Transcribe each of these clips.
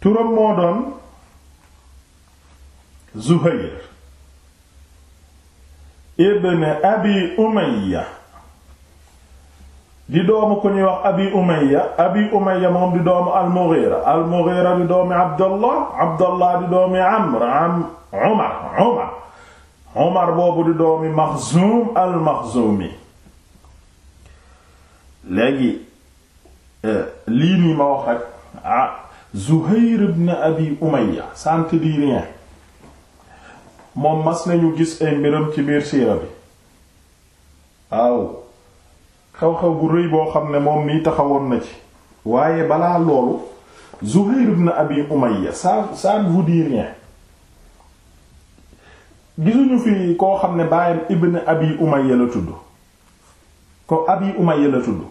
turam moo doon Zuhayr ibn Abi Umayya di doomu ku ñuy wax Abi Umayya Abi Umayya moom di doomu al-Mughira di doomi Abdallah Abdallah di doomi Amr am Umar Umar boobu di doomi Maxzum al léegi eh, lii nii ma wax rek ah, Zuhayr ibn Abi Umayya Saint-Dirien moom mas nañu gis ay mbiram ci biir siira bi waaw xew-xew bu rëy boo xam ne moom nii taxawoon na ci waaye balaa loolu Zuhayr ibn Abi Umayya ça ça ne vous rien gisuñu fi koo xam ne baayam ibn Abi Umayya la tudd ko Abi Umayya la tudd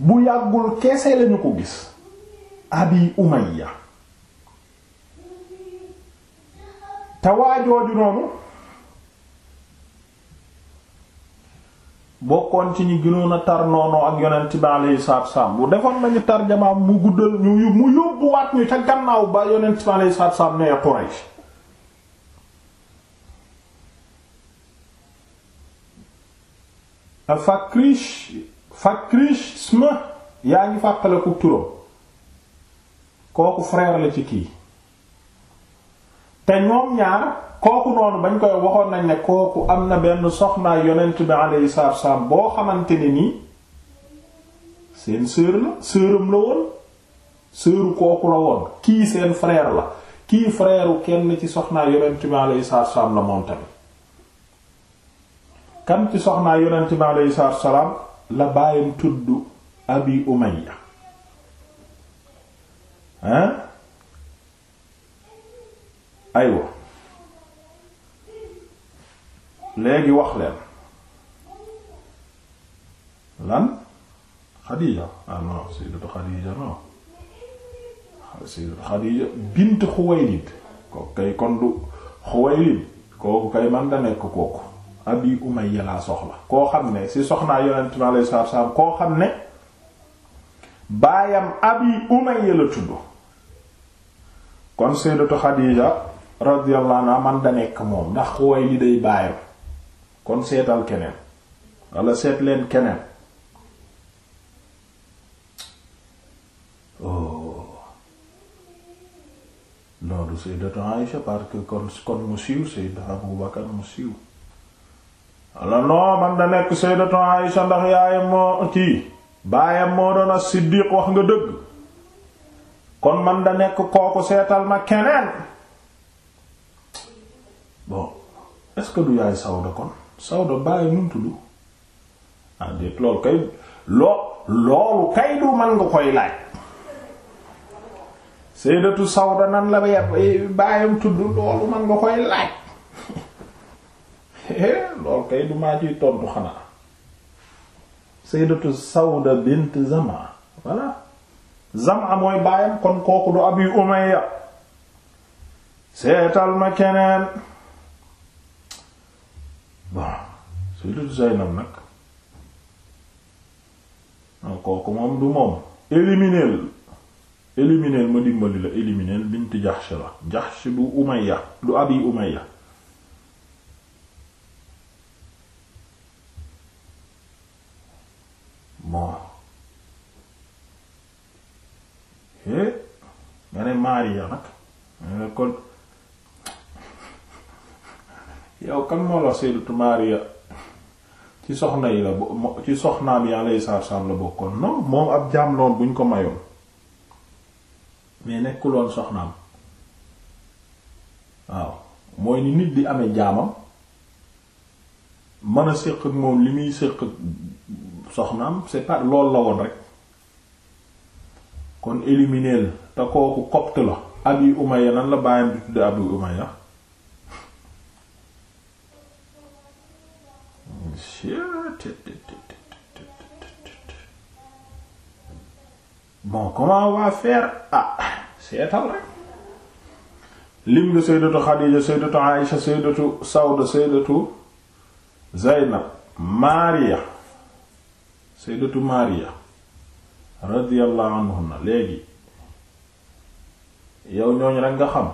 bu yàggul keese lañu ko gis abi umayya te waajooju noonu bokkoon ci ñi gënoon a tar noonoo ak yonent bi alayhi salaatu salaam bu defoon nañu tarjamaam mu guddal ñu mu yóbbuwaat ñu ca gannaaw ba yonent bi alayhi salaatu salaam nee Quraysh afakrish fakrisma yaa ngi fàqaleku turam kooku frère la ci kii te ñoom ñaar kooku noonu bañ koy waxoon nañ ne kooku am na benn soxnaa yonent bi alayhi salaatu wassalaam boo xamante ni nii seen sœur la sœuram la woon sœuru kooku la woon kii seen frère la kii frère kenn ci soxnaa yonent bi alayhi salaatu wassalaam la moom tamit kan ci soxnaa yonent bi alayhi salaatu wassalaam la baayam tudd abi umayya hein aywa léegi wax leen lan xadiija ah non sayyidatu xadiija non sayyidatu xadiija bint xuwaylid kooku kay kon du xuwaylid kooku kay man da nekk kooku abi umayya laa soxla koo xam ne si soxnaa yonent mi alayhi salaatu salaam koo xam ne baayam abi umayya la tudd kon sayyidatu xadiija radiyallahu anha man da nekk moom ndax xooy li day baayam kon seetal keneen wala seet leen keneen oh. loolu sayyidatu Aïsha parce que kon kon mu siiw sayyidatu Abu Bakar mu siiw walla non man da nekk sayyidatu Aïsha ndax yaayam moo kii baayam moo doon as-Siddiq wax nga dëgg kon man da nekk kooku seetal ma keneen bon est-ce que du yaay Sawda kon Sawda bàyyi mu tudd ah déet loolu kay du man nga koy laaj sayyidatu Sawda nan la baayam tudd loolu man nga koy laaj Eh, loolu kay du maa ciy tontu xanaa sayyidatu Sawda bint Zama voilà Zama mooy baayam kon kooku du Abi Umayya seetal ma keneen bon sayyidatu Zaynab nag kooku moom du moom élimineel élimineel ma dimbali la élimineel bint Jahsh la Jahsh du Umayya du Abi Umayya bon é eh nga ne Maria nag nga ne kon yow kan moo la Sayyidatu Maria ci soxna yi la bo ci soxnaam yi alayhi salaam la bokkoon non moom ab jaam loon buñ ko mayoon mais nekkuloon soxnaam waaw mooy ni nit di amee jaamam mën a séq moom li muy séq soxnaam c'est pas loolu la woon rek kon élimineel te kooku copte la Abi Umayya nan la bàyyam di tudd Abi Umayya bon comment on va faire ah seetal rek lim nga sayyidatu Xadiija sayyidatu Aysa sayyidatu Sawda sayyidatu Zaynab Maariya sayyidatu Maariya radiyallahu anhunna léegi yow ñooñ rekk nga xam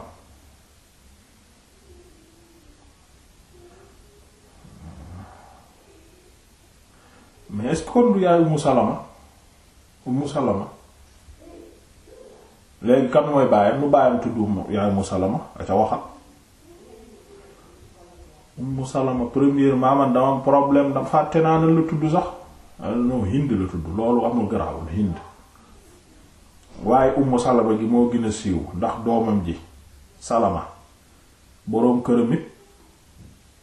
mais est-ce que kon du yaay Ummu Salama Ummu Salama léegi kan mooy baayam lu baayam tudd yaay Ummu Salama a ca waxal Ummu Salama premièrement dama am problème da fàtte naa lu tudd sax Ah, non hind la tudd loolu amul garaawul hind waaye ummu salama gi moo gin a siiw ndax doomam ji salama boroom këram it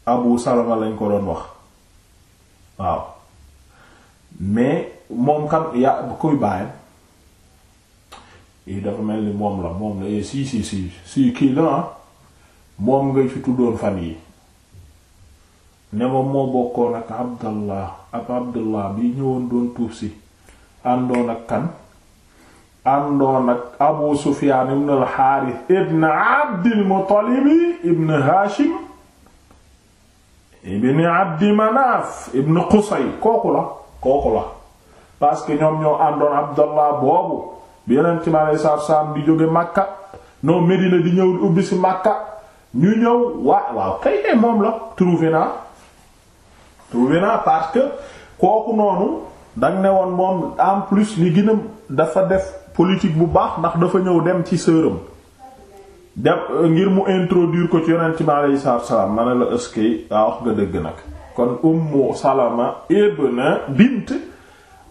abu salama lañ ko doon wax waaw mais moom kam ya kuy bàyyam i dafa mel ni moom la moom la eh, si si si si kii la ah. moom nga fi tuddoon fan yi ne moom moo bokkoon ak abdallah ab abdullah bi ñëwoon doon tuub si àndoon ak kan àndoon ak abu sufiyaan ibn abdil muttalibi ibn haashim ibn abdi manaaf ibn qusay kooku la kooku la parce que ñoom ñoo àndoon abdullah boobu bi yonent mi aleyhi salaatu salaam di jóge makka noo medina di ñëw ubbi si makka ñu ñëw waa waaw kay kay moom la trouvé naa trouvé naa parce que kooku noonu danga ne woon moom en plus li gën dafa def politique bu baax ndax dafa ñëw dem ci sëram dem euh, ngir mu introduir ko ci yonent bi aleyhi salaatu salaam ma la ëskey daa ah, wax nga dëgg nag kon ummu salama ibn bint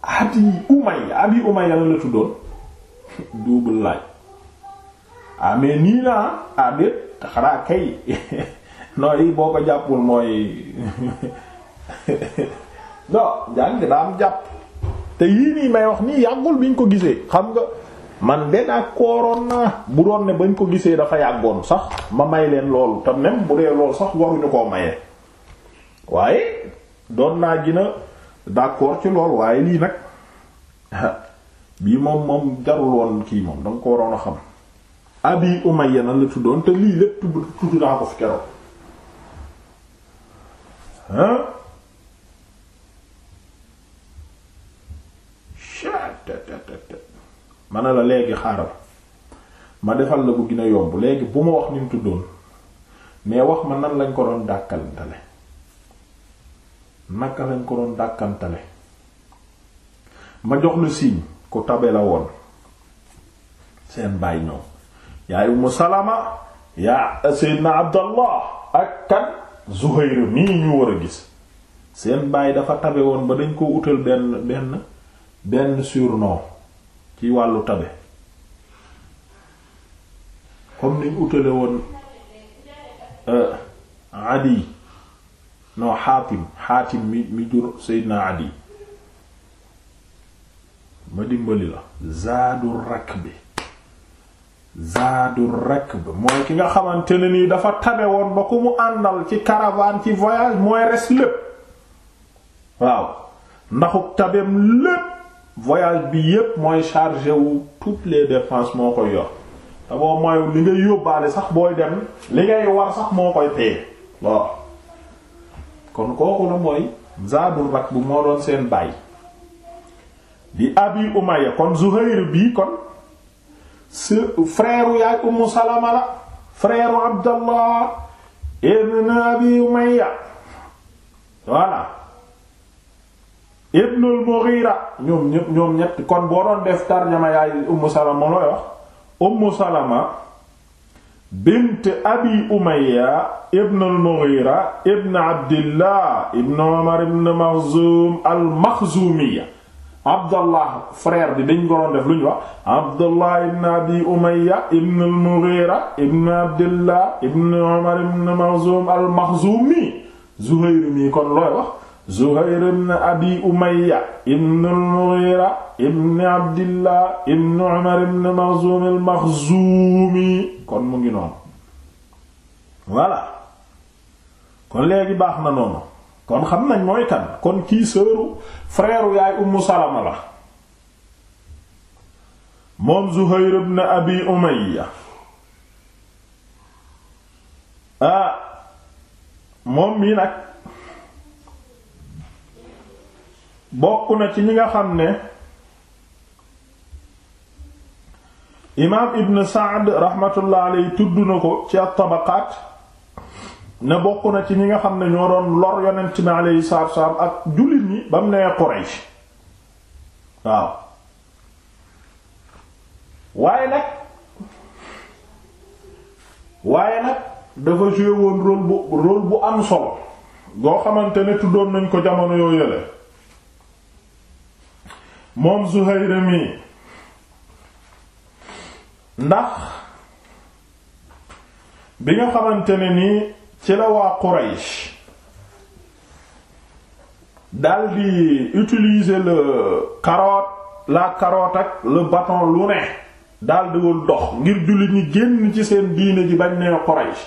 abi umayya abi umayya la la tuddoon double laaj ah nii naa ah déet kay nooy boo ko jàppul mooy non njàng daa am jàpp te yii nii may wax nii yàggul biñ ko gisee xam nga man de daa kooroon naa bu doon ne bañ ko gisee dafa yàggoon sax ma may leen loolu te bu dee loolu sax waruñu koo maye waaye doon naa gina d'accord ci lool waaye lii nag bii moom moom jarul woon kii moom danga ko waroon a xam abi umayya nan la tuddoon te lii lépp tudd naa ko fi keroog ma ne la léegi xaaral ma defal la bu gën a yomb léegi bu ma wax ni mu tuddoon mais wax ma nan lañ ko doon dàkkantale naka lañ ko doon dàkkantale ma jox la signe ku tabe la woon seen bàyyi ñoom yaa Ummu Salama yaa Seydina Abdallah ak kan Zuhayr nii ñu war a gis seen bàyyi dafa tabe woon ba dañ ko utal benn benn benn surno ci wàllu tabe comme niñ utale woon euh, adi non xaatim xaatim mi mi jur seydina adi ma dimbali la zaadu saadu zaadu rakb mooy ki nga xamante ne nii dafa tabe woon ba ku mu àndal ci caravane ci voyage mooy res lépp waaw ndaxuk tabeem lépp voyage bi yépp mooy chargé wu toutes les dépenses moo koy yor te boo li ngay yóbbaale sax booy dem li ngay war sax moo koy paye waaw kon kooku la mooy zaadul rak bu moo doon seen bàyyi di abi umaya kon zuhayr bi kon se frère yaay ummu salama la frère abdallah ibn abi umaya voilà ibnul Mughira ñoom ñëpp ñoom ñett kon boo doon def tarjama yaay Ummu Salama looy wax Ummu Salama bint Abi Umayya ibnul Mughira ibn Abdillah ibn Umar ibn Makhzum al-Makhzumiyya Abdallah frère bi dañ ko doon def lu ñu wax Abdallah ibn Abi Umayya ibnul Mughira ibn Abdillah ibn Umar ibn Makhzum al-Makhzumi Zuhayr mi kon looy wax Zuhayr ibn Abi Umayya ibn al ibn Abdillah ibn Umar ibn Makhzum al kon mu ngi noonu voilà kon léegi baax na noonu kon xam nañ mooy kan kon kii sëru frère yaay Ummu Salama la moom Zuhayr ibn Abi Umayya ah, moom mii nag bokk na ci ñi nga xam ne imaam ibn saad raxmatullah alayhi tudd na ko ci at-tabaqaat ne bokk na ci ñi nga xam ne ñoo doon lor yonent bi alayhi salaatu salaam ak jullit ñi ba mu nee Quraysh waaw waaye nag waaye nag dafa joué woon rôle bu rôle bu am solo goo xamante ne tuddoon nañ ko jamono yoo yële moom Zuhayr mi ndax bi nga xamante ne nii ci la waa Quraysh daldi utiliser le carotte la carotte ak le bâton lu ne daldiwul dox ngir jullit ñi génn ci seen diine ji bañ nee Quraysh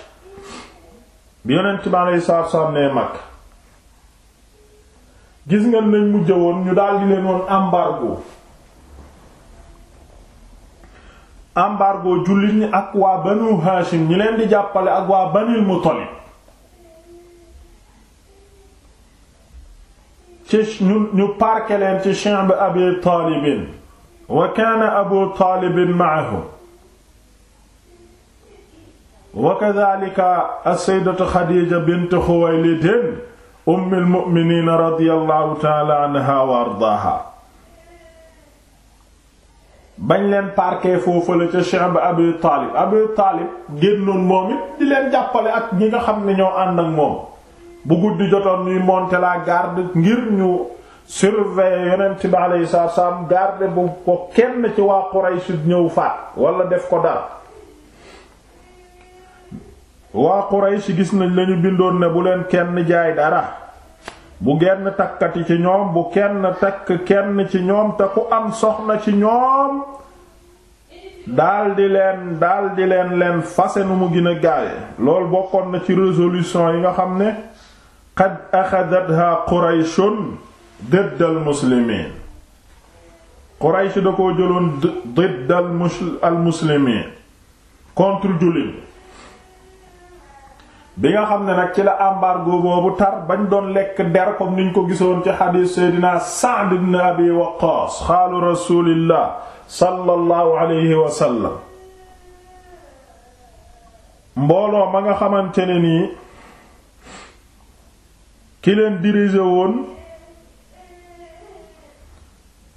yonent bi aleyhi salaatu salaam nee gis nga nañ mujj woon ñu daal di leen woon embargo embargo jullit ñi ak waa banu Hashim ñi leen di jàppale ak waa banil Muttalib ci ñu ñu parqué leen ci shi'b Abi Talib wa kaana Abu Talib ma'ahu wa kadhalika as-sayyidatu Khadija bint Khuwaylid ummil mu'miniin bañ leen parqué foofu la ca Cheikh Abi Taalib Abi Taalib génnoon moom it di leen jàppale ak ñi nga xam ne ñoo ànd ak moom bu guddi jotoon ñuy monter la garde ngir ñu surveiller yonent bi alayhi salaam garde bu ko kenn ci waa Quraysh ñëw faat wala def ko dara waa Quraysh gis nañ lañu bindoon ne bu leen kenn jaay dara bu genn takkati ci ñoom bu kenn takk kenn ci ñoom te ku am soxna ci ñoom daldi leen daldi leen leen fase nu mu gën a gaawe lool bokkoon na ci résolution yi nga xam ne qad axadatha Qurayshun diddal muslimiin Quraysh da koo jëloon diddal al muslimiin contre jullit bi nga xam ne nag ci la embargo boobu tar bañ doon lekk der comme niñ ko gisoon ci xadiis seydina Sa'd ibn Abi Waqqaas xaalu rasulillah sallallahu alayhi wa mbooloo ma nga xamante ne nii ki leen diriger woon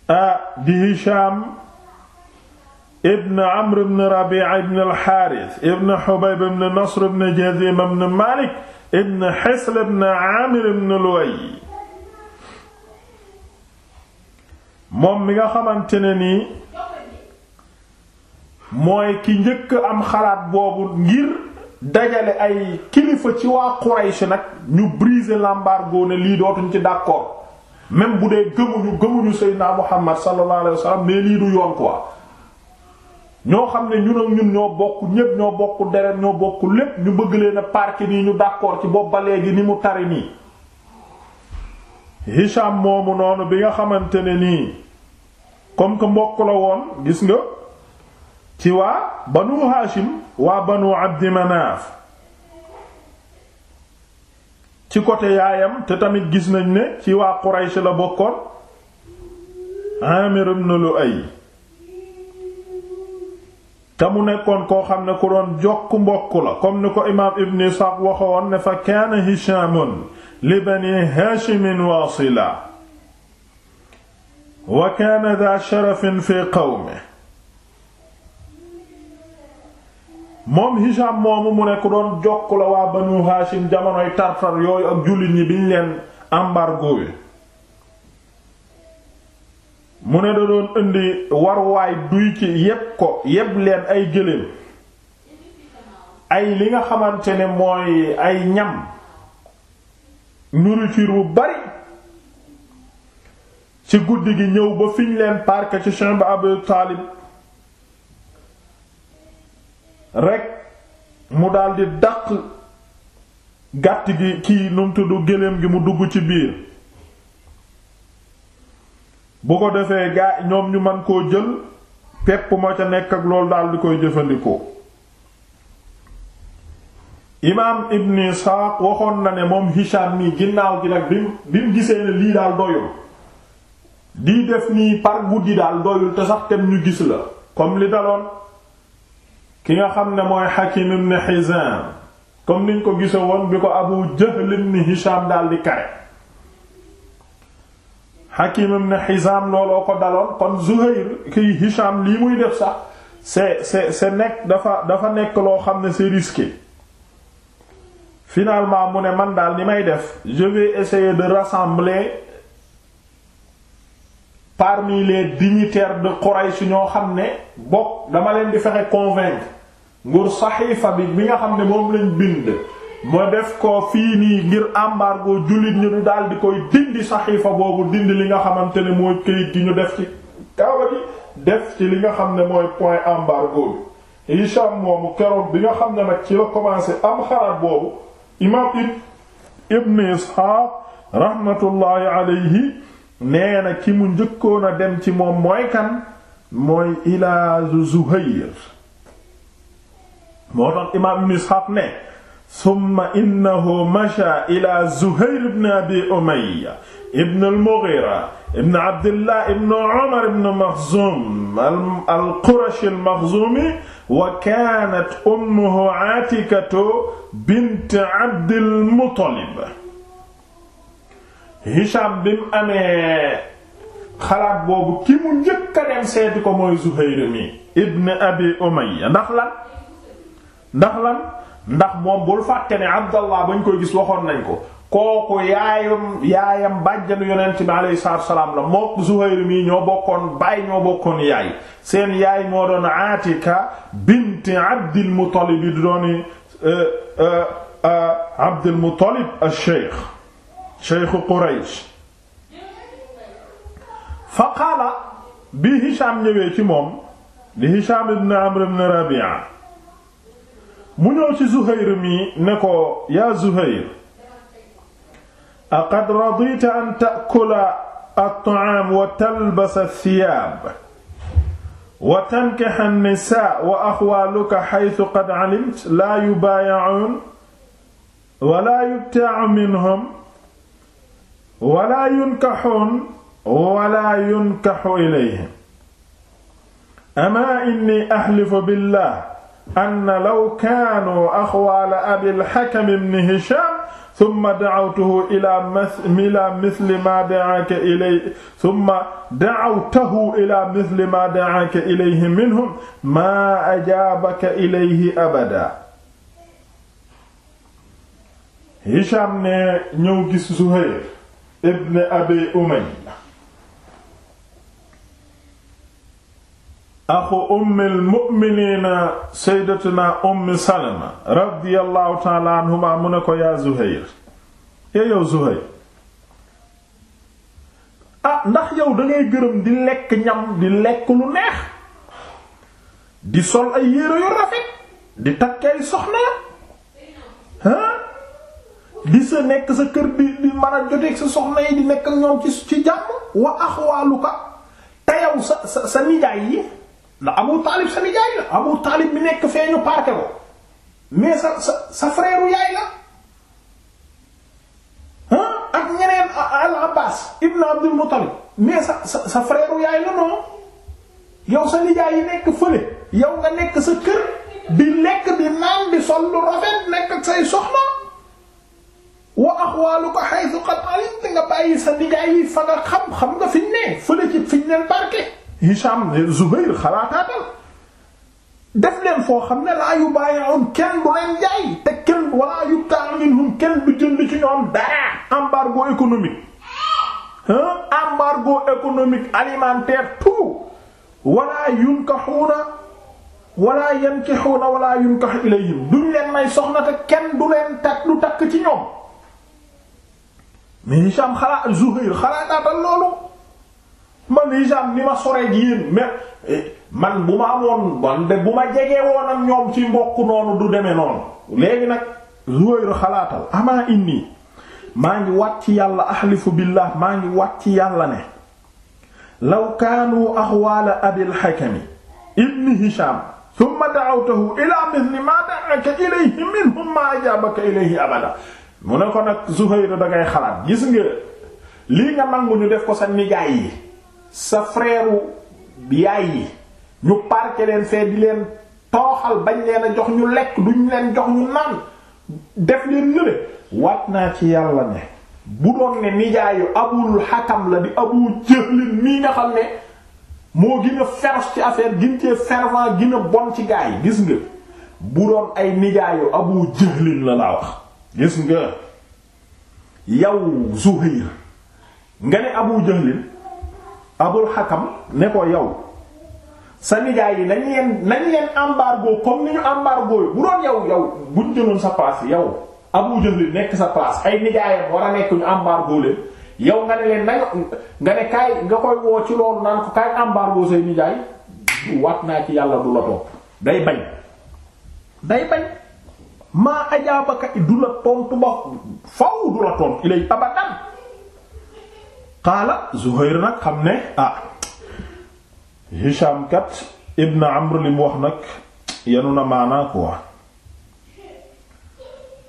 a ah, di Hisham ibn amr ibn rabi'a ibn al ibn hubayb ibn nasr ibn jazima ibn malik ibn hisl ibn amir ibn luway moom mi nga xamante nii mooy ki njëkk am xalaat boobu ngir dajale ay kilifa ci waa Quraysh nag ñu briser l'embargo ne lii dootuñ ci d'accord même bu dee gëmuñu gëmuñu Seydina Muhammad sallallahu alayhi wasallam lii du yoon quoi ñoo xam ne ñun ak ñun ñoo bokk ñépp ñoo bokk deret ñoo bokk lépp ñu bëgg leen a nii ñu d'accord ci bopp ba léegi ni mu tari nii Hisham moomu noonu bi nga xamante ne nii comme que mbokk la woon gis nga ci waa banu Hashim waa banu Abdi Manaf ci côté yaayam te tamit gis nañ ne ci waa Quraysh la bokkoon Amir ibn ay te mu nekkoon koo xam ne ku doon jokk mbokk la comme ni ko imaam ibn Isxaaq waxoon ne fa kaana Hishaamun li bani Haashimin waasila wa kaana daa sharafin fi qawmihi moom Hishaam moomu mu ne ku doon jokk la waa banu Haashim jamonoy tartar yooyu ak jullit ñi biñ leen embargo mu ne da doon indi waruwaay duy ci yépp ko yépp leen ay gëléem ay li nga xamante ne mooy ay ñam nourriture bu bari ci guddi gi ñëw ba fiñ leen park ci chambre Abu Taalib rek mu daldi daq gàtt gi kii numtu du gëléem gi mu dugg ci biir bu ko defee gaa ñoom ñu man koo jël pepp ma ca nekk ak loolu daal di koy jëfandikoo imaam ibn Isxaaq waxoon na ne moom Hisham nii ginnaaw gi nag bi bim gisee ne lii daal doyul di def nii par guddi daal doyul te sax tem ñu gis la comme li daloon ki nga xam ne mooy Hakim ibn Hizam comme niñ ko gise woon bi ko Abu Jahl ibn Hisham daal kare Hakim ibn Hizam looloo ko daloon kon Zuhayr kiy Hisham lii muy def sax c'est c'est c'est nekk dafa dafa nekk loo xam ne c'est risqué finalement mu ne man daal ni may def je vais essayer de rassembler parmi les dignitaires de si ñoo xam ne bokk dama leen di fexe convaincre nguur saxiifa bi bi nga xam ne moom lañ bind mu def ko fii nii ngir embargo jullit ñu du daal di koy dindi saxiifa boobu dindi li nga xamante ne mooy këyit gi ñu def ci kaaba gi def ci li nga xam ne mooy point embargo bi Hisham moomu keroog bi nga xam ne nag ci la commencé am xalaat boobu imaam ibn Isxaaq rahmatullahi alayhi nee na ki mu njëkkoon a dem ci moom mooy kan mooy ilaa Zuhayr moo tax imaam ibn Isxaaq ne summa innahu masha ila Zuhayr ibn Abi Umayya ibn al-Mughira ibn Abdillah ibn Umar ibn Makhzum al-Qurashi al-Makhzumi wa kaanat ummuhu Aatikatu bint Abdil Muttalib Hisham bi mu amee xalaat boobu ki mu njëkk a dem seeti ko mooy Zuhayr mi ibn Abi Umayya ndax lan ndax lan ndax moom bul fàtte ne abdallah bañ koy gis waxoon nañ ko kooku yaayam yaayam bàjjanu yonent bi alayhi salaatu la mook Zuhayr mi ñoo bokkoon baay ñoo bokkoon yaay seen yaay moo doon Aatika bint Abdil Muttalib di dooni eh, eh, eh, Abdil Muttalib ash-Shaykh Shaykh bi Hisham ñëwee ci moom di Hisham ibn Amr ibn Rabi'a mu ñëw ci Zuhayr mi ne ko yaa Zuhayr aqad radita an ta'kula at-ta'am wa talbasa ath-thiyaab wa tankiha an-nisaa wa axwaaluka haythu qad alimt laa yubaayi'uun wa laa yubtaa'u minhum wa laa yunkahuun wa laa yunkahu ilayhim amaa inni ahlifu billah anna law kaanu axwaala abil hakam ibn hisham summa dacawtuhu ila misli ma dacaaka ilay summa dacawtahu ila misli ma dacaaka ilayhi minhum ma ajaabaka ilayhi abada hisham ne ñëw gis zuhayr ibn abi umayya axu ummil mu'miniina sayyidatuna ummi salama radiyallahu ta'ala anhuma mu ne ko yaa zuhayr ee yow zuhayr ah ndax yow dangay gërëm di lekk ñam di lekk lu neex di sol ay yére yu rafet di takkay soxna ah di sa nekk sa kër bi di mën a joteeg sa soxna yi di nekk ñoom ci ci jàmm wa axwaaluka te yow sa sa sa nijaay yi la Abu Taalib sa nijaay la Abu Taalib mi nekk feeñu parke ko mais sa sa sa frère yaay la ah ak ñeneen al Abbaas ibn Abdul Muttalib mais sa sa sa frère yaay la yow sa nijaay yi nekk fële yow nga nekk sa kër di lekk di naan di sol lu rafet nekk ak say soxna wa axwaaluka haythu qad alimta nga bàyyi sa nijaay yi fa nga xam xam nga fiñ ne fële ci fiñ ne Hisham Zubayr xalaataatal def leen foo xam ne laa yu bàyyiwoon kenn du leen jaay te kenn wala yu taaminhum kenn ci ñoom dara. embargo économique ah embargo économique alimentaire tout wala yunkahuuna wala yankihuuna wala yunkahu ilayhim duñ leen may soxna te kenn du leen takk du takk ci ñoom mais Hisham man Hicham ni ma soree ji yéen eh, man bu ma amoon man de bu ma jegee woon ak ñoom ci mbokk noonu du demee noonu léegi nag Zuhayr xalaatal amaa inni maa ngi wat ci yàlla ahlifu billah maa ngi wat ci yàlla ne law kaanu axwaala abil hakami ibni Hicham thumma da'awtahu ilaa mithli maa da'aka ilayhi minhum maa ajaabaka ilayhi abada mu ne ko nag Zuhayr dangay xalaat gis nga lii nga nangu ñu def ko sa nijaay yi sa frère yaay yi ñu parqué leen fee di leen tooxal bañ leen a jox ñu lekk duñ leen jox ñu naan def leen nële waat naa ci yàlla ne bu doon ne nijaayu abul hakam la di abu jëlin nii nga xam ne moo gën a ci affaire gin cee fervent gën bon ci gaa yi gis nga bu doon ay nijaayu abu jëlin la laa wax gis nga yow Zuhayr nga ne abu jëlin abul xakam ne ko yow sa nijaay yi nañ leen nañ leen embargo comme ni ñu embargo yi bu doon yow yow buñ jëloon sa place yow Abu Jahl nekk sa place ay nijaayam war a nekk ñu embargo leen yow nga ne leen nañ nga ne kaay nga koy woo ci loolu naan ko kaay embargo say nijaay waat naa ci yàlla du la topp day bañ day bañ maa ajaabaka du la tontu ba faw du la tontu ilay abadan qaala Zuhayr nag xam ne ah Hisham kat ibn Amr li mu wax nag yanu na maanaa quoi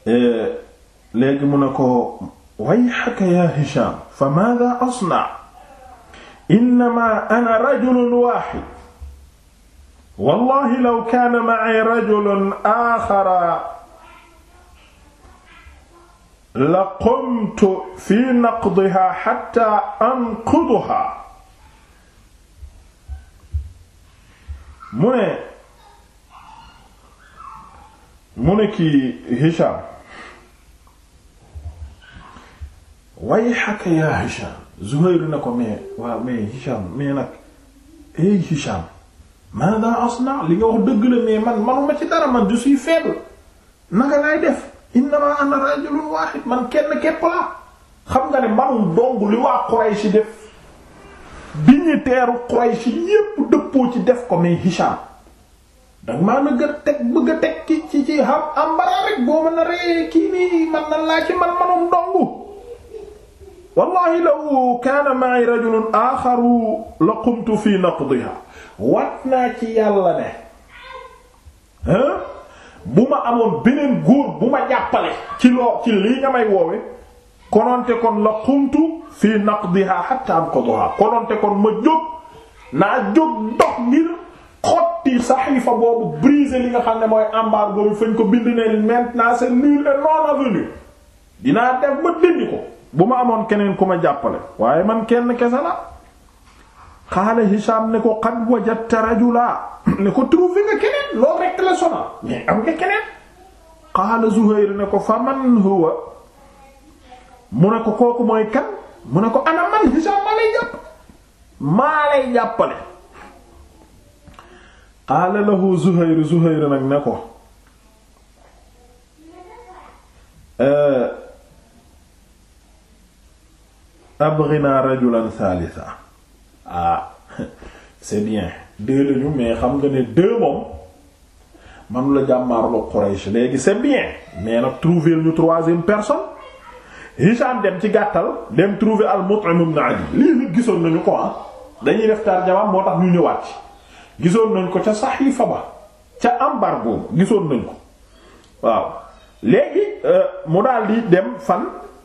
eh, léegi mu ne ko wayhaka ya Hisham fa maadha asna innama ana rajulun wahid wallahi law kana ma'i rajulun akhar la qumtu fi naqdiha hatta anquduha mu ne mu ne kii Hisham way xaka yaa Hisham Zuhayr na ko mais waaw mais Hisham mais nag ey Hisham maada asna li nga wax dëgg la mais man manuma ci dara man je suis faible naka lay def ma ana rajulun wahid man kenn képp laa xam nga ne manum dong li waa Quraysh def bi ñu teeru Quraysh yépp dëppoo ci def ko mais Hisham danga maa na gër teg bëgg teg ki ci ci am ambara rek boo mën a reyee kii nii man na laa ci man manum dong wallahi law kaana ma'i rajulun akharu la qumtu fi naqdiha wat naa ci yàlla ne hein bu ma amoon beneen góor bu ma jàppale ci loo ci lii nga woowe kononte kon la xumtu fii naq naqdiha hatta anqadha kononte kon ma jóg naa jóg dox ngir xotti saxiifa boobu briser li nga xam ne mooy embargo bi fañ ko bind ne maintenant c'est nul et non avenu dinaa def ba dindi ko bu ma amoon keneen ku ma jàppale waaye man kenn kese la xaala Hisham ne ko qad wajadta rajula ne ko trouvé nga keneen loolu rekk la sona mais am nga keneen xaala Zuhayr ne ko fa man huwa mu ne ko kooku mooy kan mu ne ko ana man Hisham maa lay jàpp maa lay jàppale xaala lahu Zuhayr nag ne ko abghina rajulan thalitha ah c'est bien deux lañu mais xam nga ne deux moom man la jàmmaarloo Quraysh léegi c'est bien mais na trouver ñu troisième personne Hisham dem ci gàttal dem trouver al-Mut'im ibn Adi lii nit gisoon nañu ko ah. dañuy def tarjamaam moo tax ñu ñëwaat gisoon nañ ko ca saxiifa ba ca ambar gisoon nañ ko waaw léegi euh, mu daal di dem fan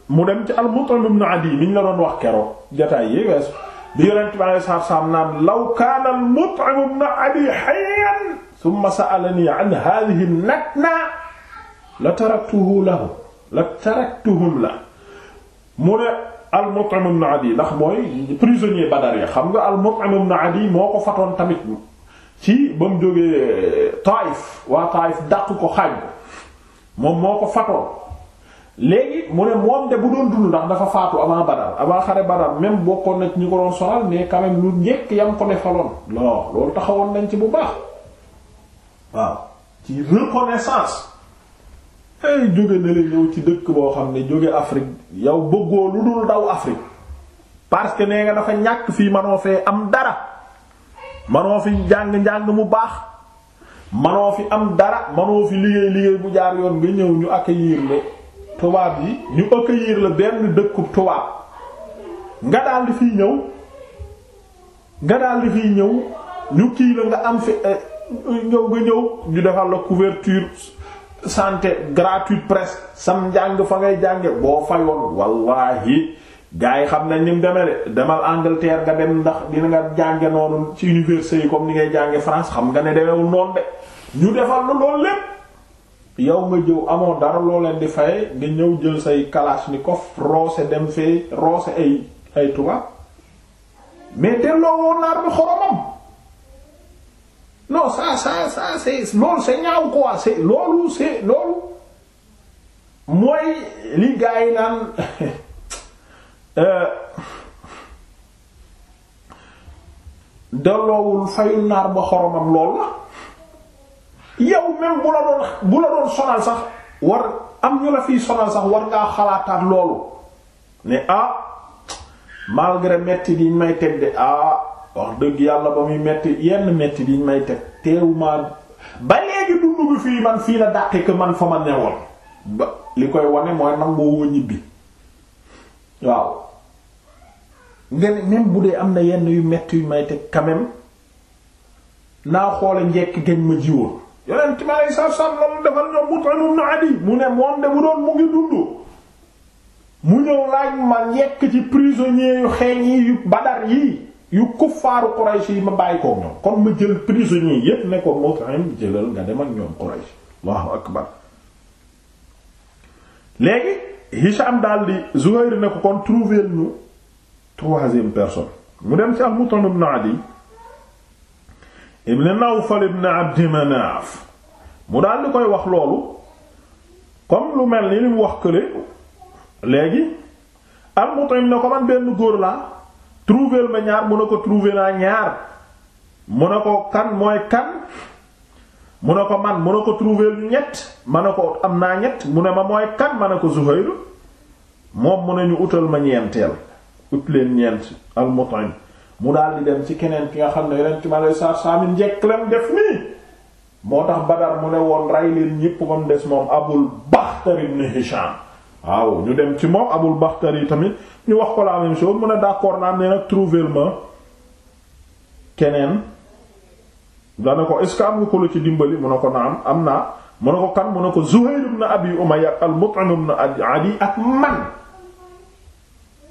mu dem ci al-Mut'im ibn Adi mi ñu la doon wax keroog jotaay yi weesu. bi yonent bi alayhi salaatu salaam naan law kaana al-Mut'im ibn Abi hayyan thumma sa'alanii an haadhihi an-natna la taraktuhu lahu la taraktuhum lahu mu ne al-Mut'im ibn Adi ndax mooy prisonnier Badar ya xam nga al-Mut'im ibn Adi moo ko fatoon tamit ci ba mu jógee Taïf waa Taïf dàq ko xaaj moom moo ko fatoon léegi mu ne moom de bu doon dund ndax dafa faatu avant Badar avant xare Badar même bokkoon na ñu ko doon sonal mais quand même lu njëkk yam ko defaloon non loolu taxawoon nañ ci bu baax waaw ci reconnaissance ay jóge na ñëw ci dëkk boo xam ne jóge Afrique yow bëggoo lu dul daw Afrique parce que nee nga dafa ñàkk fii manoo fee am dara manoo fi jàng njàng mu baax manoo fi am dara manoo fi liggéey liggéey bu jaar yoon nga ñëw ñu accueillir le tubaab yi ñu accueillir la benn dëkku tubaab nga daal di ñëw nga daal di fiy ñëw ñu kii la nga am fi eh, ñëw nga ñëw ñu defal la couverture santé gratuite presque sam njàng fa ngay jànge boo fayoon wallaahi gars yi xam nañ ni mu demee de demal Angleterre nga dem ndax dina nga jànge noonu ci université yi comme ni ngay jànge France xam nga ne demeewul noonu de ñu defal la loolu lépp. yow nga jëw amoo dara loo leen di faye nga ñëw jël say kalachnikov roose dem fee roose ay ay tubaab mais delloo woon naar bi xoromam non ça ça ça c'est loolu c'est ñaaw quoi c'est loolu c'est loolu mooy li gars yi naan euh, delloowul fayul naar ba xoromam loolu la yow même bu la doon bu la doon sonal sax war am ñu la fiy sonal sax war ngaa xalaataat loolu ne ah malgré metti diñ may teg de ah wax dëgg yàlla ba muy metti yenn metti diñ may teg teewuma ba léegi dundu bi fii man fii la dàqe que man fa ma newoon ba li koy wane mooy nangoo woo ñibbi waaw nga ne même bu dee am na yenn yu metti yu may teg quand naa xoole njekk gañ ma jiwoon yonent mi aleyhi salaatu salaam la mu defal ñoom Mut'im ibn Adiy mu ne moom de doon mu ngi dund mu ñëw laaj ma yekk ci prisonnier yu xeeñ yi yu Badar yi yu kuffaaru Quraysh yi ma bàyyi koog ñoom kon ma jël prisonnier yépp ne ko Mut'im jëlal nga dem ak ñoom Quraysh Allahu akbar léegi Hisham daldi Zuhayr ne ko kon trouver ñu troisième personne mu dem ci al Mut'im ibn Adiy ibn Nawfal ibn ma Manaaf mu daal di koy wax loolu comme lu mel ni li mu wax kële léegi al Mut'im ne ko man benn góor laa trouver ma ñaar mu ne ko trouver naa ñaar mu ne ko kan mooy kan mu ne ko man mu ne ko trouver ñu ñett ma ne ko am naa ñett mu ne ma mooy kan ma ne ko Zuhayr moom mu ne ñu utal ma ñeenteel ut leen ñeent al Mut'im mu daal di dem ci keneen ki nga xam ne yeneen ci ma lay saa saa mi njëkk leen def nii moo tax Badar mu ne woon rey leen ñépp ba mu des moom Abul Baxtar ñu dem ci moom Abul Baxtar yi tamit ñu wax ko la même chose mu ne d'accord naa ne nag trouver keneen dana ko est-ce que am nga ko la ci dimbali mu ne ko naan am naa mu ne ko kan mu ne ko Zuhayr ibn Abi Umayya al-Mut'im ibn Adi ak man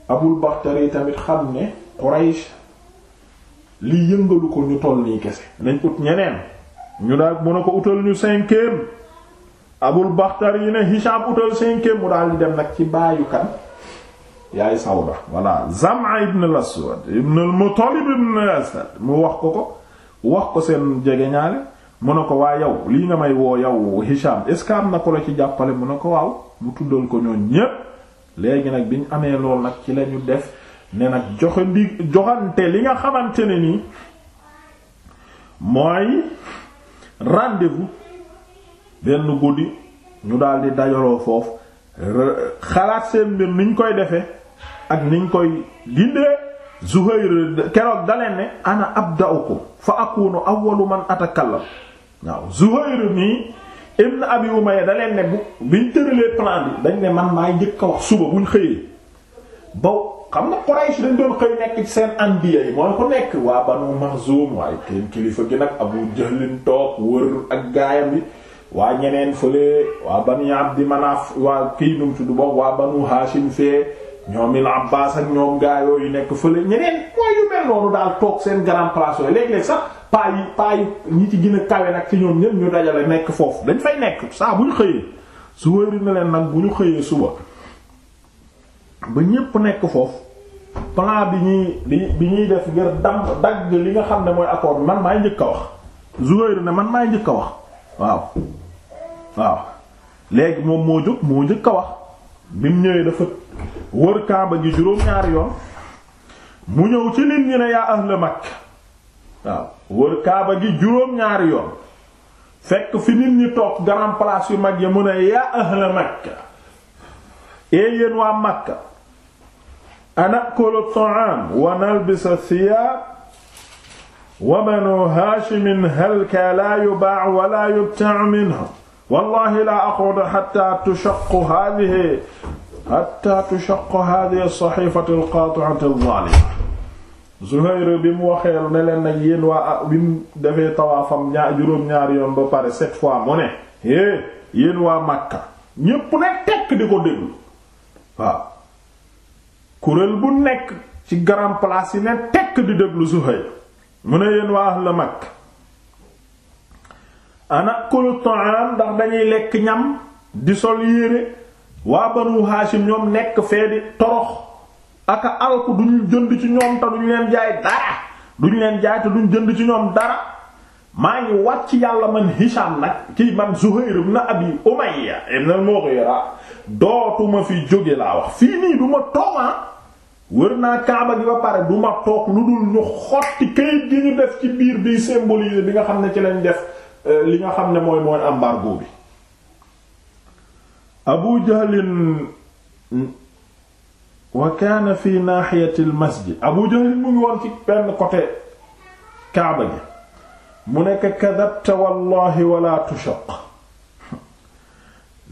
Abul Baxtar yi tamit xam ne Quraysh lii yëngalu ko ñu toll nii kese nañ ut ñeneen ñu daal mën a ko utal ñu cinquième abul baxtar yi ne hisham utal cinquième mu daal di dem nag ci baayu kan yaay sawda voilà zam'a ibn al-aswad ibn al-muttalib ibn al mu wax ko ko wax ko seen jege ñaale mu ne ko waaye yow lii nga may woo yow hisham est ce na ko la ci jàppale mun ne ko waaw mu tuddal ko ñoon ñépp léegi nag biñ amee lool nag ci lañu def ne nag joxe ndi joxante li nga xamante ne nii mooy rendez-vous benn guddi ñu daldi dajaloo foofu xalaat seen mbir niñ koy defe ak niñ koy dindee Zuhayr keroog daleen ne ana abda'ukum fa akunu awwalu man atakallam waaw Zuhayr nii ibn Abi Umayya daleen ne bu biñ tëralee plan bi dañ ne man maay njëkk suba buñ xëyee baw xam nga Quraysh dañ doon xëy nekk seen anbiya yi mooy ko nekk waa Banu Maxzum waaye kenn kilifa gi nag Abu Jahlin toog wër ak gaayam yi waa ñeneen fële waa Banu Abdi Manaf waa kii num tudd boobu waa Banu Hashim fee ñoom il Abbaas ak ñoom gaayoo yu nekk fële ñeneen mooy yu mel noonu daal toog seen grand place yooyu léeg-léeg sax paa yi paa yi ñi ci gën a kawe nag ci ñoom ñëpp ñu dajale nekk foofu dañ fay nekk saa bu ñu xëyee su wëri na leen nag bu ñu xëyee suba ba ñépp nekk foofu plan bi ñuy bi ñuy def ngir dam dagg li nga xam ne mooy accord man maay njëkk a wax Zuhayr ne man maay njëkk a wax waaw waaw léegi moom moo jóg moo njëkk a wax bi mu ñëwee dafa wër Kaaba gi juróom-ñaari yoon mu ñëw ci nit ñi ne yaa ahla Makka waaw wër Kaaba gi juróom-ñaari yoon fekk fi nit ñi toog grand place yu mag ya mu ne yaa ahla Makka ee eh yéen waa Makka anakulu at-ta'am wa nalbisu ath-thiyaab wa banu haashimin halka laa yubaa'u wa laa yubta'u minhu wallaahi laa aquudu hattaa tushaqqu haadhihi hattaa tushaqqu haadhihi as-sahiifatu al-qaati'atu adh-dhaalima Zuhayr bi mu waxee ne leen nag yéen waa bi mu defee tawaafam ñaar juróom-ñaari yoon ba pare sept fois mu ne é eh, yéen waa Makka ñépp ne tekk di ko déglu waaw kuréel bu nekk ci grand place yi ne tekk di déglu Suhayl mu ne yéen waa ana Makka anakulu ta'am ndax dañuy lekk ñam di sol yére waa Banu Haashim ñoom nekk fee di torox aka alku duñu jënd ci ñoom te duñu leen jaay dara duñu leen jaay te duñu jënd ci ñoom dara maa ngi wàcc yàlla man Hisham nag kii man Zuhayr ibn Abi Umayya ibn al-Mughira dootuma fi jóge laa wax fii nii du ma ah. wër naa kaaba gi ba pare du ma toog lu dul ñu xotti kayit gi ñu def ci biir bi symboliser bi nga xam ne ci lañ def euh, li nga xam ne mooy mooy embargo bi abu jahlin wa kaana fi naaxiyati al masjid abu jahlin mu ngi woon ci benn côté kaaba gi mu nekk kadabta wallahi wala tushaq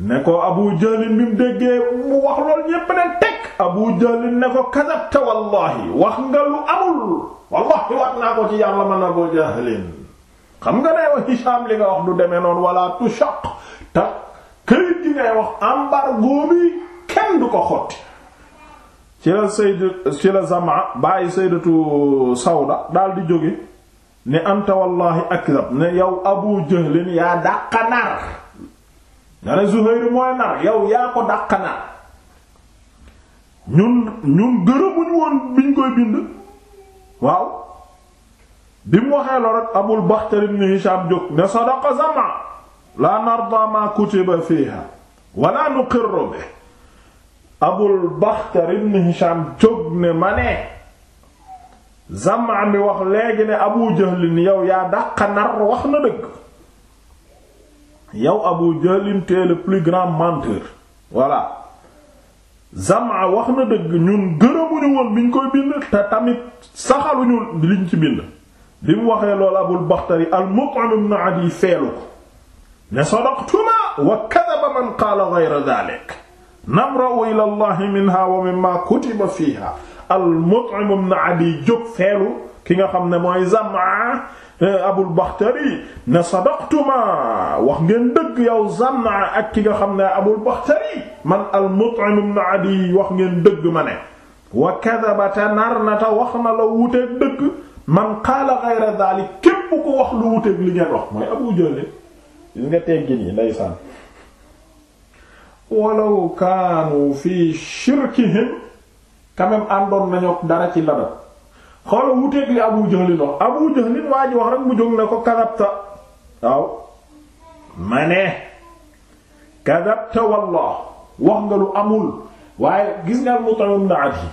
ne ko abu jalin bi mu déggee mu wax lool ñépp teg abu ne ko kadabta wallahi wax nga lu amul wallahi wax naa ko ci yàlla man abu xam nga ne Hisham li nga wax du demee noonu wala tushaq te këyit gi ngay wax embargo bi kenn du ko xotti ci la sayyidu ci la Zamaa bàyyi sayyidatu Sawda daal di jóge ne anta wallahi akdab ne yow abu jahlin yaa dàqanaar nga ne Zuhayr mooy yow yaa ko dàq nar ñun ñun gërëmuñu woon biñ koy bind waaw bi mu waxee la rek Abul Bakhtari ibn Hisham jóg ne sadaqa Zama la narda ma kutiba fiha wala nuqirru bi Abul Bakhtari ibn jóg ne ma ne Zama mi wax léegi ne Abu Jahl ni yow yaa dàq nar wax na dëgg yow Abu Jahl t'es le plus grand menteur voilà Zam'a wax na dëgg ñun gërëmuñu woon biñ koy bind te tamit saxaluñu liñ ci bind bi mu waxee loolu Abul Bakhtari al-Mut'im ibn Adi feelu ko ne sadaqtuma wa kadhaba man qaala ghayra dhalik namra'u ila Allah minha wa mimma kutiba fiha al-Mut'im ibn Adi jóg feelu ki nga xam ne mooy Zam'a eh, Abul Bakhtari ne sadaqtuma wax ngeen dëgg yow Zam'a ak ki nga xam ne Abul Bakhtari man al-Mut'im ibn wax ngeen dëgg ma ne wa kadhabata nar na ta wax na la wuteeg ku wax lu wuteeg li ngeen wax mooy Abu Jahl gis nga teggin yi ndeysaan walaw kaanu fi shirkihim quand même àndoon dara ci ladab xoola wuteeg li Abu Jahlin waa ji wax rek mu jóg na ko kadabta waaw ma ne kadabta wallah wax nga lu amul waaye gis nga Mut'im ibn Adi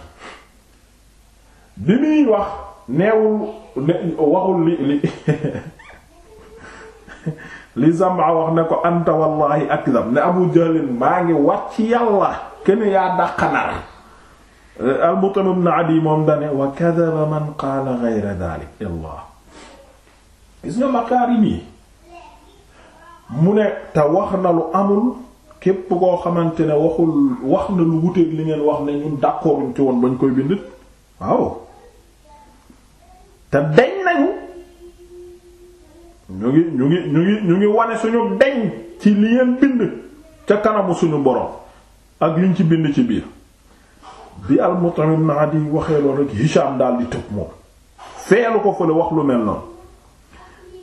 bi muy wax neewul waxul li li li Zam'a wax ne ko anta wallahi akdab ne Abu Jahlin maa ngi wax ci yàlla kenn yaa dàqanar Euh, al-Mut'im ibn Adi moom dane wa kadhaba man qaala ghayra dhalik allah gis nga makaarim yi mu ne te wax na lu amul képp koo xamante ne waxul wax na lu wuteeg li ngeen wax ne ñun d'accorduñ ci woon bañ koy bind waaw te deñ nañu ñu ngi ñu ngi ñu ngi ñu ngi wane suñu deñ ci li ngeen bind ca kanamu suñu boroom ak liñ ci bind ci biir bi al-Mut'im ibn Adiy waxee loolu rek Hisham daal di tëb moom feelu ko fële wax lu mel noonu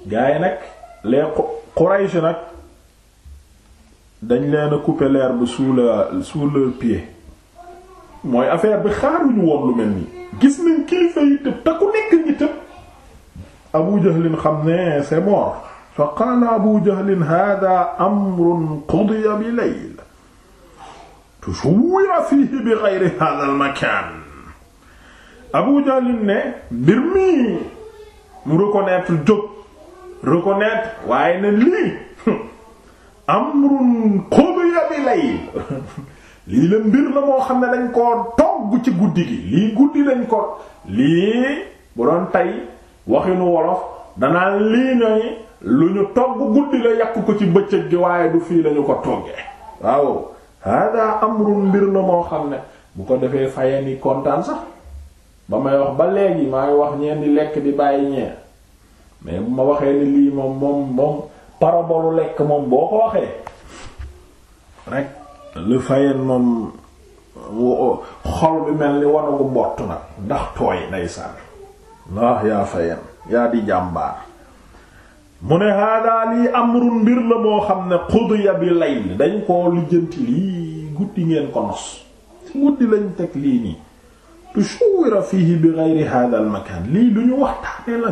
gaa yi nag les Quraysh nag dañ leen a couper l'herbe sous le sous mooy affaire bi xaaruñu woon lu mel nii gis nañ kilifa yi tëb te ku nekk ñi tëb Abu Jahlin xam ne c'est fa qaala Abu Jahlin hada amrun qudiya bi layl tushuwiya fiihi bi ghayri hadha al makan Abu Jahl ne mbir mii mu reconnaître jóg reconnaître waaye ne lii amrun qudiya bi layl lii la mbir la moo xam ne dañ koo togg ci guddi gi lii guddi lañ ko lii bu doon tey waxinu wolof danaa lii ñooy lu ñu togg guddi la yàq ko ci bëccëg gi waaye du fii lañu ko toggee waaw am amrun mbir na moo xam ne bu ko defee fayen yi kontaan sax ba may wax ba léegi maa ngi wax ñeen di lekk di bàyyi ñee mais bu ma waxee ni lii moom moom moom parabolu lekk moom boo ko waxee rek lu fayen moom xol bi mel ni wanagu mbott nag ndax tooy ndeysaan waaw yaa fayen yaa di jàmbaar mu ne haadaa lii amrun mbir la moo xam ne xudiya bi layl dañ koo lijjanti lii guddi ngeen ko nos guddi lañ teg lii nii tushuwira fihi bi ghayri haadaa makaan lii lu ñu waxtaane la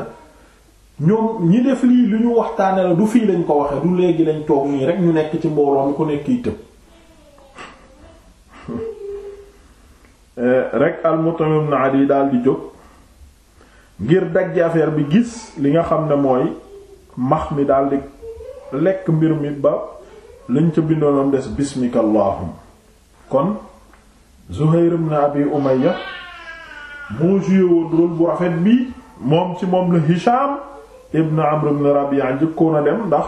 ñoom ñi def lii lu ñu waxtaane la du fii lañ ko waxee du léegi lañ toog nii rek ñu nekk ci mbooloo mi ku nekk yi tëb rek al Mut'im ibn Adi daal di jóg ngir daggi affaire bi gis li nga xam ne mooy max mi daldi lekk mbir mi ba lañ ca bindoonoon des bismika kon Zuhayr ibn Abi Umayya moo joué woon rôle bu rafet bi moom ci moom la Hisham ibn Amr ibn Rabi'a njëkkoon a dem ndax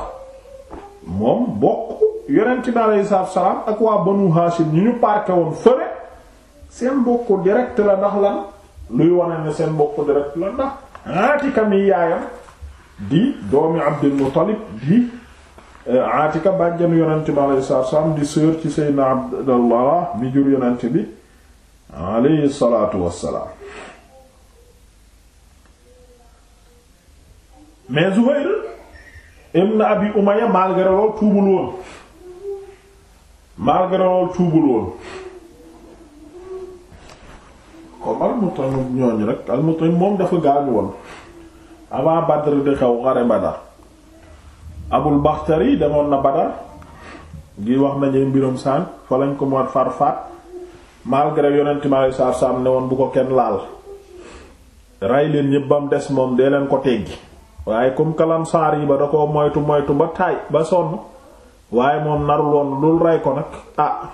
moom bokk yonent bi aleyhi salaatu wa salaam ak waa Banu Hashim ñu ñu parqué woon fële seen mbokku direct la ndax lan luy wane ne seen mbokku direct la ndax aatika mi yaayam di doomi Abdul Muttalib di eh, Aatika bàjjan yonent bi alayhi salaatu di sœur ci Seydina Abdallah mi jur yonent bi alayhi salaatu wassalaam mais Zuhayr ibn Abi Umayya malgré tuubul woon malgré tuubul woon comme al-Muttalib ñooñu rek al-Muttalib moom dafa gaañu woon avant Badr di xew xare Badar Abul Baxtari demoon na Badar gi wax nañu mbirum sànq fa lañ ko moot far faat malgré yonent ma sa saam ne woon bu ko kenn laal rey leen ñépp ba des moom dee leen ko teggi waaye comme kalam saar yi ba da ko moytu moytu ba taay ba sonn waaye moom narul woon dul rey ko nag ah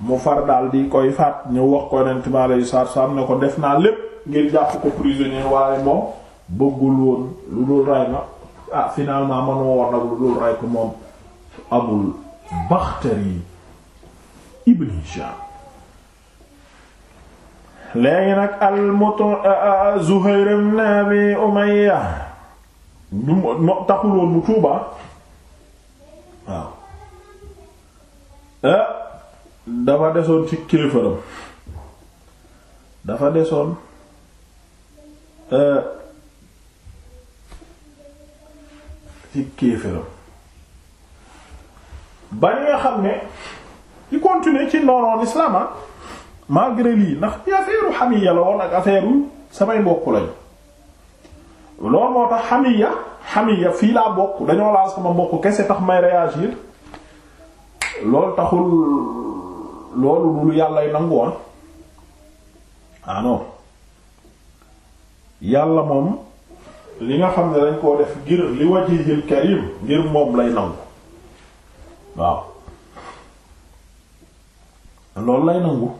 mu far daal di koy faat ñu wax ko yonent ma sa ne ko def naa lépp ngir jàpp ko prisonnier waaye moom bëggul woon lu dul ray ma ah finalement man woon nag lu dul ray ko moom abul baxtari ibn Hisham nag al moto ah, Zuhayr ibn Abi Umayya du taxul woon mu tuubaa waaw eh, dafa desoon ci kéefaram dafa desoon eh, ci kéeféram ba xam ne di continuer ci noonoon islaama ah, malgré lii ndax affaire xamiya la ak affaire samay mbokk lañu loolu moo tax xamiya xamiya fii laa bokk dañoo laa sama mbokk kese tax may réagir loolu taxul loolu du lu yàllay nanguwoon ah. ah non yàlla moom li nga xam ne dañ koo def ngir li wajhihil karim ngir moom lay nangu waaw loolu lay nangu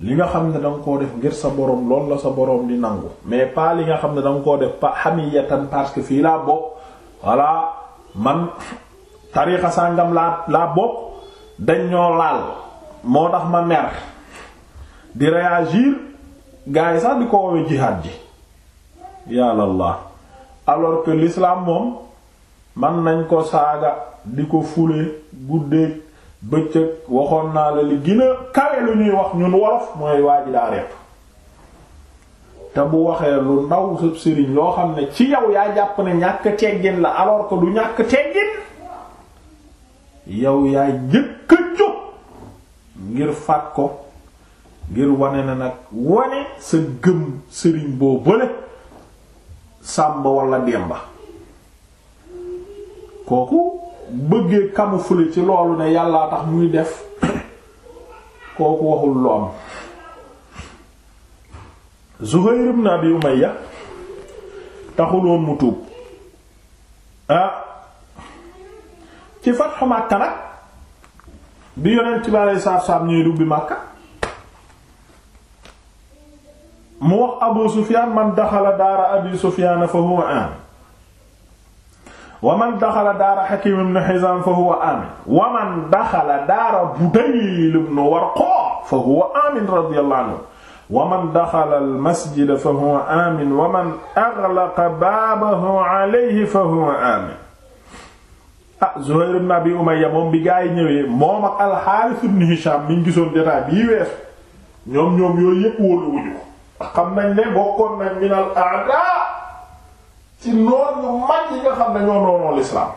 li nga xam ne danga koo def ngir sa boroom loolu la sa boroom di nangu mais pas li nga xam ne danga koo def pa hamiyatan parce que fii laa bokk voilà man tariixa sàngam laa laa bokk dañ ñoo laal moo tax ma mer di réagir gars yi sax di ko woowee jihaad ji yàllallah alors que l'islam moom man nañ ko saaga di ko fule guddeeg bëccëg waxoon naa la li gën a lu ñuy wax ñun wolof mooy waa ji daa repp te bu waxee lu ndaw sëb sëriñ loo xam ne ci yow yaa jàpp ne ñàkk teggin la alors que du ñàkk teggin yow yaa jëkk ngir faat ko ngir wane na nag wane sa gëm sëriñ boo bële sàmba walla demba kooku bëggee camoufler ci loolu ne yàllaa tax muy def kooku waxul lu am Zuhayr ibn Abi Umayya mu tuub ah ci Fathu Makka nag bi yonent bi aleyhi salaatu salaam ñëw dubbi Makka mu wax abu sufiyaan man daxala daara abi sufiyaana fa huwa amin wa man daxala daara xakim ibn xizaam fa huwa amin wa man daxala daara budayl ibn warqa fa huwa amin radiyallahu anhu wa man daxala almasjida fa huwa amin wa man axlaqa baabahu alayhi fa huwa amin ah Zuhayr ibn Abi Umayya moom bi gaa yi ñëwee moom ak al Haaris ibn Hisham mi ngi gisoon jotaay bii weesu ñoom ñoom yooyu yépp wóolu wuñu ko xam nañ ne bokkoon na minal a'da ci noon yu yi nga xam ne ñoo noonoo lislaam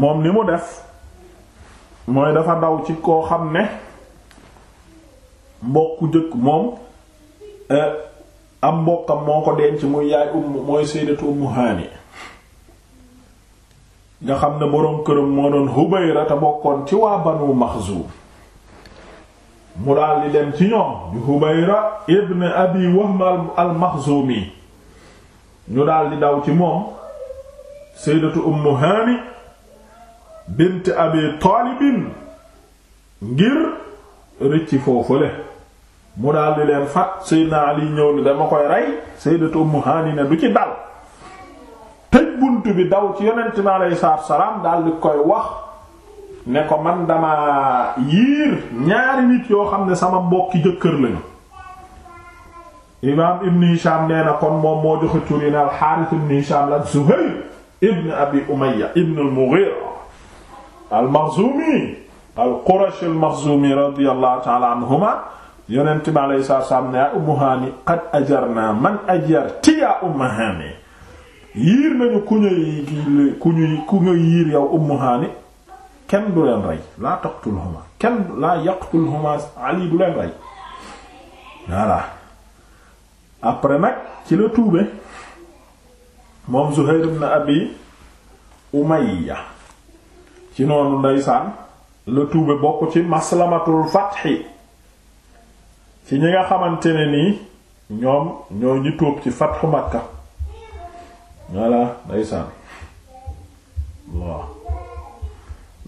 moom ni mu def mooy dafa daw ci koo xam ne bokku jëkk moom eh, am mbokkam moo ko denc muy yaay umm mooy sayyidatu ummu haani nga xam ne boroom këram moo doon Hubayra te bokkoon ci waa Banu Maxzum mu daal leen dem ci ñoom di Hubayra ibn Abi Wahm al ñu daal di daw ci moom sayyidatu Ummu Hani bint Abi Talib ngir rëcc foofule mu daal leen fat Seydina ñëw ni dama koy rey sayyidatu Ummu Hani ne du ci dal tëj bunt bi daw ci yonent mi alayhi salaam daal di koy wax ne ko man dama yiir ñaari nit yoo xam ne sama mbokki jëkkër lañu imaam ibn hisham nee na kon moo joxe tur yi ne alxaaris ibn la zuhayr ibn abi umayya ibn al-mughira al-makhzumi al-qurashi al-makhzumi radiyallahu ta'ala anhuma yonent bi alayhi salaatu salaam ne yaa ummu haani qad ajarna man ajarti yaa ummu haani yiir nañu ku ku ñuy yiir yow ummu haani kenn du leen rey laa taqtulhuma kenn laa yaqtulhuma Ali du leen rey voilà après nag ci la tuube moom Zuhayr ibn Abi Umayya ci noonu ndeysaan la tuube bokk ci maslamatul fatxi ci ñi nga xamante ni ñoom ñoo ñu tuub ci fatxu Makka voilà ndeysaan waaw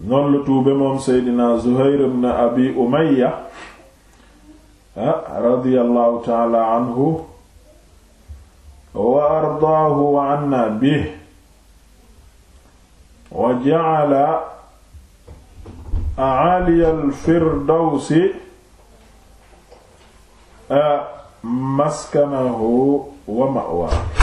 noonu la tuube moom seydina Zuhayr ibn Abi Umayya radiyallahu taala anhu wa ardaahu wa anna bihi wa ja'ala a'aliyal firdawsi maskanahu wa ma'waahu